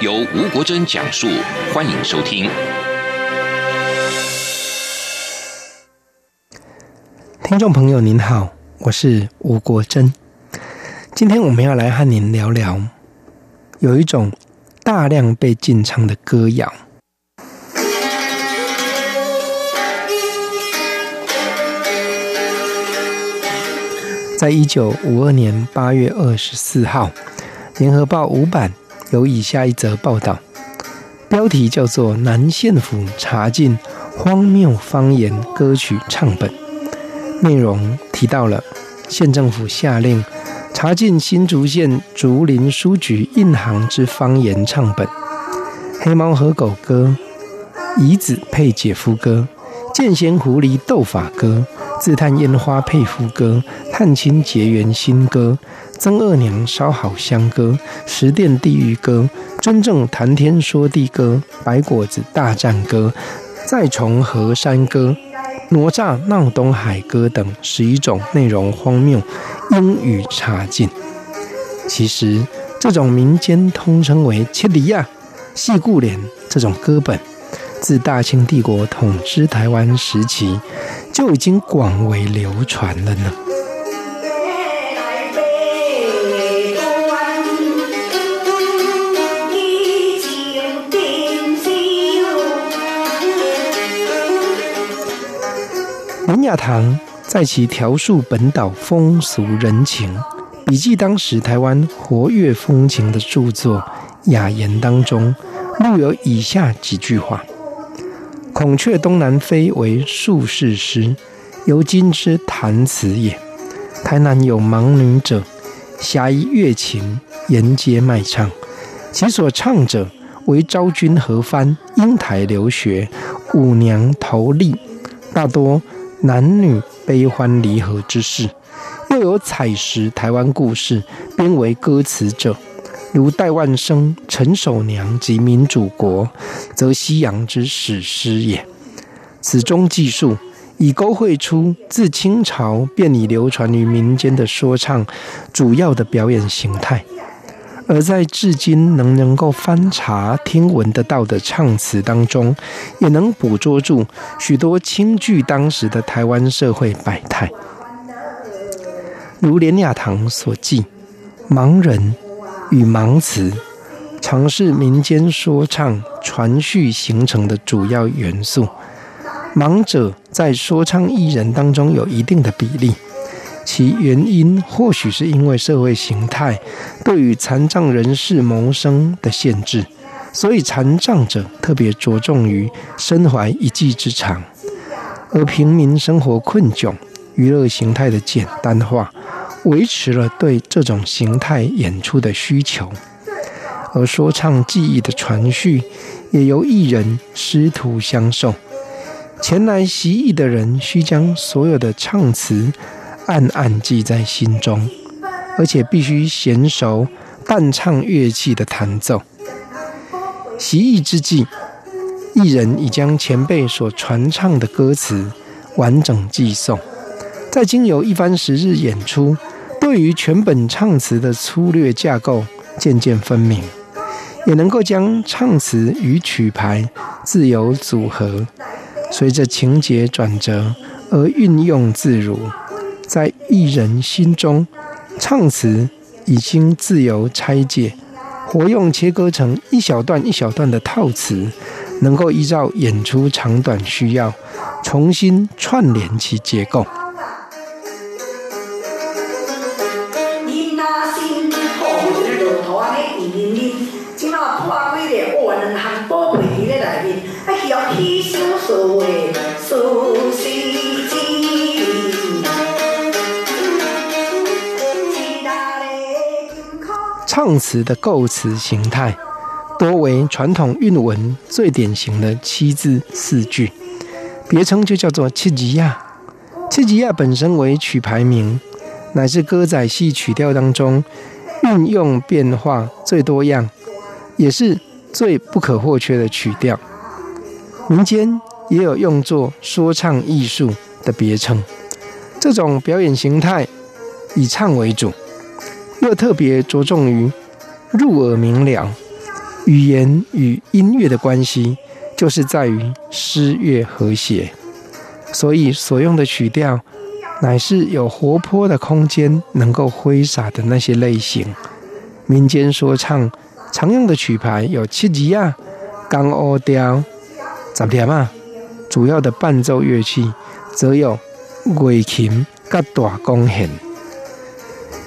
由吳國珍講述，歡迎收聽。聽眾朋友您好，我是吳國珍，今天我們要來和您聊聊，有一種大量被禁唱的歌謠。在一九五二年八月二十四號，《聯合報》五版。有以下一則報道，標題叫做《南縣府查禁荒謬方言歌曲唱本》，內容提到了縣政府下令查禁新竹縣竹林書局印行之方言唱本，《黑貓黑狗歌》《姨子配姐夫歌》《劍仙狐狸鬥法歌》。自嘆煙花配夫歌，探親結緣新歌，曾二娘燒好香歌，十殿地獄歌，真正談天說地歌，百果子大戰歌，再重河山歌，哪吒鬧東海歌等十一種內容荒謬，應予查禁。其實這種民間通稱為“七字仔，四句連”這種歌本。自大清帝國統治臺灣時期，就已經廣為流傳了呢。文雅堂在其條述本島風俗人情、以及當時臺灣活躍風情的著作《雅言》當中，錄有以下幾句話。《孔雀東南飛》為敘事詩，猶今之彈詞也。台南有盲女者，挾一樂琴，沿街賣唱，其所唱者為昭君和番、英台留學、五娘投荔，大多男女悲歡離合之事。又有採拾台灣故事，編為歌詞者。如戴萬生、陳守娘及民主國，則西洋之史詩也。此中記述已勾繪出自清朝便已流傳於民間的說唱，主要的表演形態。而在至今能能夠翻查聽聞得到的唱詞當中，也能捕捉住許多清劇當時的台灣社會百態。如連雅堂所記，盲人。與盲詞，常是民間說唱傳續形成的主要元素。盲者在說唱藝人當中有一定的比例，其原因或許是因為社會形態對於殘障人士謀生的限制，所以殘障者特別着重於身懷一技之長，而平民生活困窘，娛樂形態的簡單化。維持了對這種形態演出的需求，而說唱技藝的傳續也由藝人師徒相授。前來習藝的人需將所有的唱詞暗暗記在心中，而且必須嫻熟伴唱樂器的彈奏。習藝之際，藝人已將前輩所傳唱的歌詞完整記誦，在經由一番時日演出。對於全本唱詞的粗略架構漸漸分明，也能夠將唱詞與曲牌自由組合，隨着情節轉折而運用自如。在藝人心中，唱詞已經自由拆解、活用、切割成一小段一小段的套詞，能夠依照演出長短需要重新串聯其結構。唱詞的構詞形態多為傳統韻文，最典型的七字四句，別稱就叫做「七字仔」。七字仔本身為曲牌名，乃是歌仔戲曲調當中運用變化最多樣。也是最不可或缺的曲調，民間也有用作說唱藝術的別稱。這種表演形態以唱為主，又特別着重於入耳明了。語言與音樂的關係，就是在於詩樂和諧。所以所用的曲調，乃是有活潑的空間能夠揮灑的那些類型。民間說唱。常用的曲牌有七字仔、江湖調、什點啊。主要的伴奏樂器則有月琴、和大廣弦。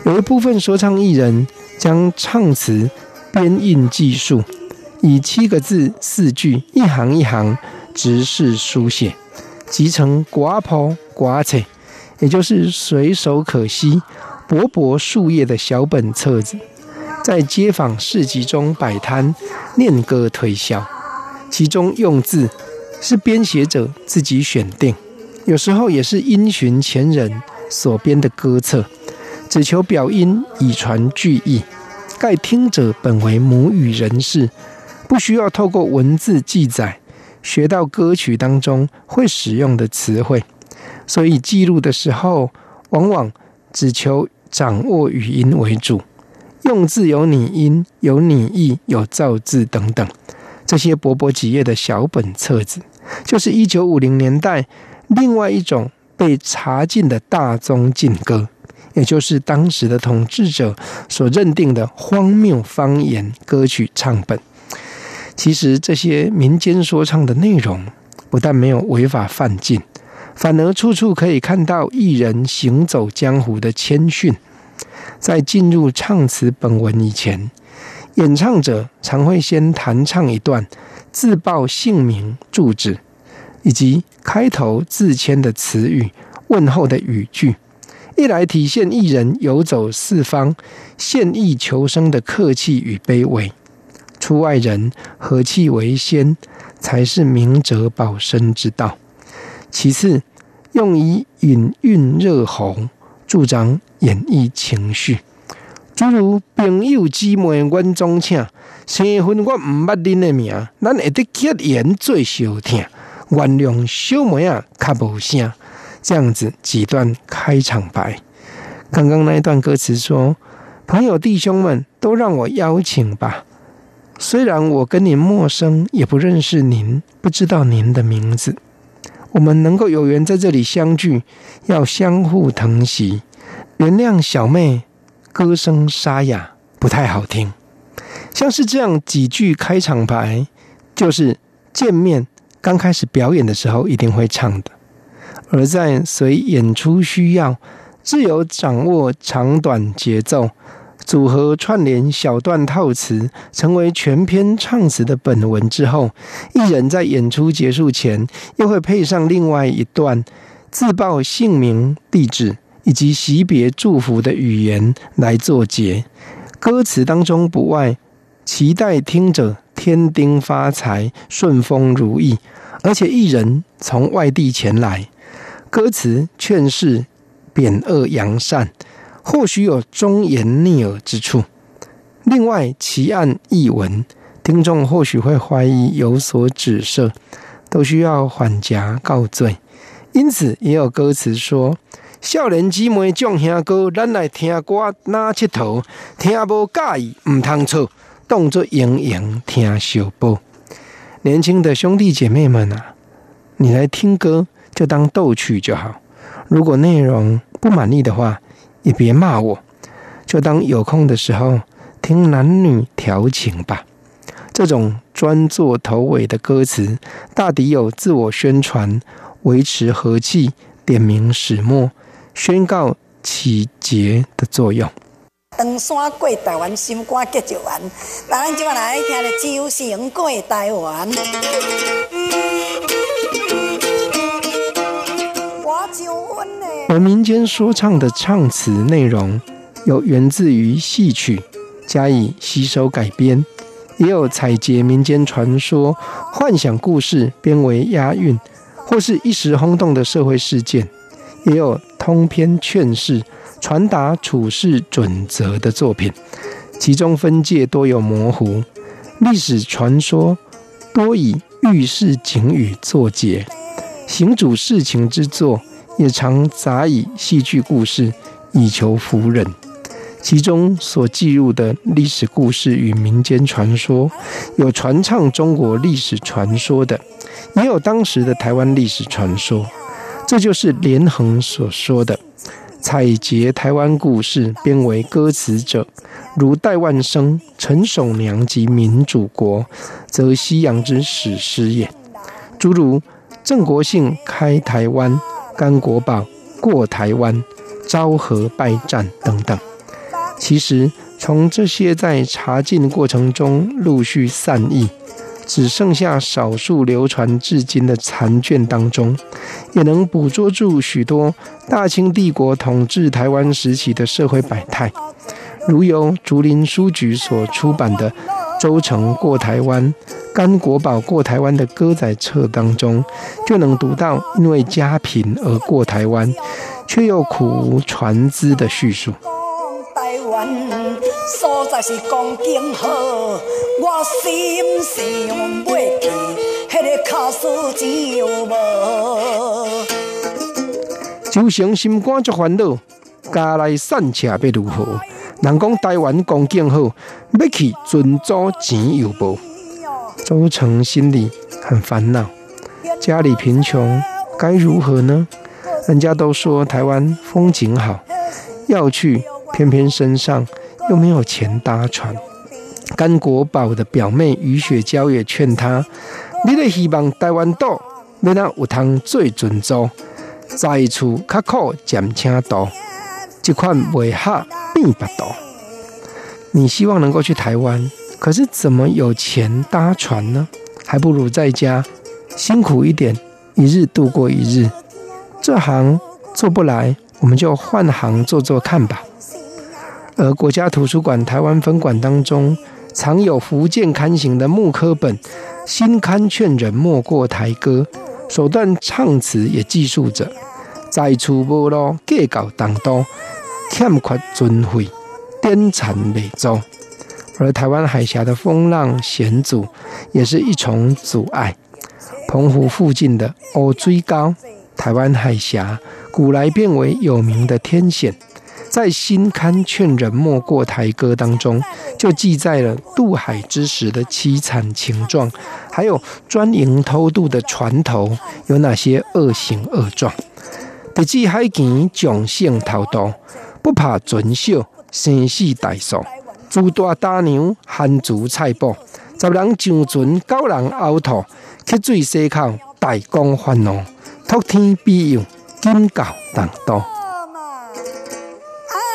有一部分說唱藝人將唱詞編印技術，以七個字四句一行一行直式書寫，集成瓜拋瓜冊，也就是隨手可攜薄薄數頁的小本冊子。在街坊市集中擺攤念歌推銷，其中用字是編寫者自己選定，有時候也是因循前人所編的歌冊，只求表音以傳句意。蓋聽者本為母語人士，不需要透過文字記載學到歌曲當中會使用的詞彙，所以記錄的時候往往只求掌握語音為主。用字有擬音、有擬意、有造字等等，這些薄薄幾頁的小本冊子，就是一九五零年代另外一種被查禁的大宗禁歌，也就是當時的統治者所認定的荒謬方言歌曲唱本。其實這些民間說唱的內容，不但沒有違法犯禁，反而處處可以看到藝人行走江湖的謙遜。在進入唱詞本文以前，演唱者常會先彈唱一段自報姓名、住址以及開頭自謙的詞語、問候的語句，一來體現藝人遊走四方、獻藝求生的客氣與卑微，出外人和氣為先，才是明哲保身之道；其次，用以引韻熱喉。助長演繹情緒，諸如朋友姊妹觀眾，請，生分我唔捌您嘅名，咱一啲結緣最少聽，原諒小妹啊卡無聲，這樣子幾段開場白。剛剛那一段歌詞說：“朋友弟兄們都讓我邀請吧，雖然我跟你陌生，也不認識您，不知道您的名字。”我們能夠有緣在這裡相聚，要相互疼惜，原諒小妹歌聲沙啞，不太好聽。像是這樣幾句開場白，就是見面剛開始表演的時候一定會唱的，而在隨演出需要，自由掌握長短節奏。組合串聯小段套詞，成為全篇唱詞的本文之後，藝人在演出結束前，又會配上另外一段自報姓名、地址以及惜別祝福的語言來作結。歌詞當中不外期待聽者添丁發財、順風如意，而且藝人從外地前來，歌詞勸世、貶惡揚善。或許有忠言逆耳之處，另外奇案異聞，聽眾或許會懷疑有所指涉，都需要緩頰告罪。因此，也有歌詞說：“少年姊妹唱下歌，咱來聽歌哪七頭，聽不介意唔通錯，動作營營聽小波。”年輕的兄弟姐妹們啊，你來聽歌就當逗趣就好。如果內容不滿意的話，也別罵我，就當有空的時候聽男女調情吧。這種專做頭尾的歌詞，大抵有自我宣傳、維持和氣、點名始末、宣告起結的作用。長山過台灣，新歌結就完。是台灣。而民間說唱的唱詞內容，有源自於戲曲加以吸收改編，也有採擷民間傳說、幻想故事編為押韻，或是一時轟動的社會事件，也有通篇勸世、傳達處事準則的作品。其中分界多有模糊，歷史傳說多以寓事警語作結，行主事情之作，也常雜以戲劇故事，以求服人。其中所記錄的歷史故事與民間傳說，有傳唱中國歷史傳說的，也有當時的台灣歷史傳說。這就是連橫所說的：“採擷台灣故事，編為歌詞者，如戴萬生、陳守娘及民主國，則西洋之史詩也。”諸如鄭國姓開台灣。甘國寶過台灣、昭和敗戰等等，其實從這些在查禁過程中陸續散佚，只剩下少數流傳至今的殘卷當中，也能捕捉住許多大清帝國統治台灣時期的社會百態，如由竹林書局所出版的《周成過台灣》。甘國寶過台灣的歌仔冊當中，就能讀到因為家貧而過台灣，卻又苦無船資的敘述。說台灣所在是光景好，我心想要去，迄、那個卡斯只有無。諸神心肝作煩惱，家來散錢要如何？人講台灣光景好，要去存左錢又無。周成心裡很煩惱，家裡貧窮，該如何呢？人家都說台灣風景好，要去，偏偏身上又沒有錢搭船。甘國寶的表妹於雪嬌也勸他：你得希望台灣島，免得有通做船租，在厝較苦，減輕多，即款袂哈並不多。你希望能夠去台灣。.可是怎麼有錢搭船呢？還不如在家辛苦一點，一日度過一日。這行做不來，我們就換行做做看吧。而國家圖書館台灣分館當中，藏有福建刊行的木刻本《新刊勸人莫過台歌》，首段唱詞也記述着：載除波羅，各教同多，欠缺尊費，點殘未足。而台灣海峽的風浪險阻，也是一重阻礙。澎湖附近的烏水溝，台灣海峽古來便為有名的天險。在新刊《勸人莫過台歌》當中，就記載了渡海之時的淒慘情狀，還有專營偷渡的船頭有哪些惡行惡狀。得記海警僥倖逃脫，不怕准受生死大喪。豬大、大娘，漢族、菜譜，十人上船，九人後頭，溪水溪口，大江泛浪，託天庇佑，金狗同多。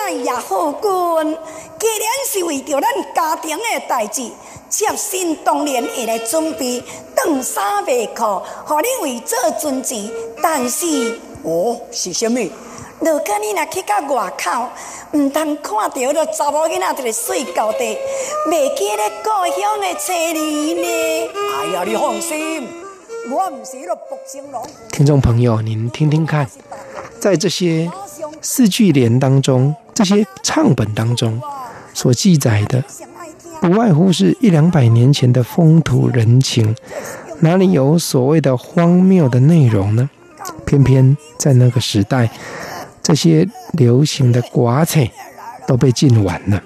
哎呀，好君，既然是為着咱家庭的代志，妾身當然會來準備長衫短褲，和你為做準備。但是，哦，是啥物？老哥，你去到外口，唔通看到了查某囡仔的。聽眾朋友，您聽聽看，在這些四句聯當中，這些唱本當中所記載的，不外乎是一兩百年前的風土人情，哪裡有所謂的荒謬的內容呢？偏偏在那個時代。這些流行的瓜菜都被禁完了，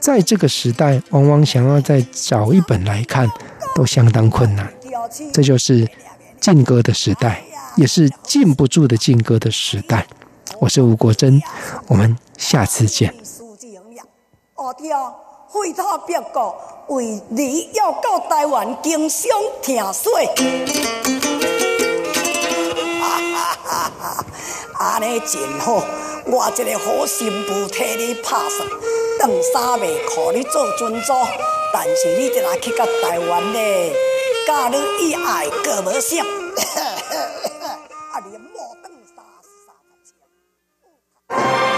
在這個時代，往往想要再找一本來看，都相當困難。這就是禁歌的時代，也是禁不住的禁歌的時代。我是吳國珍，我們下次見。 安尼真好，我一個好媳婦替你拍算，當三妹，互你做准主，但是你今仔去到台灣的，教你伊愛過無少。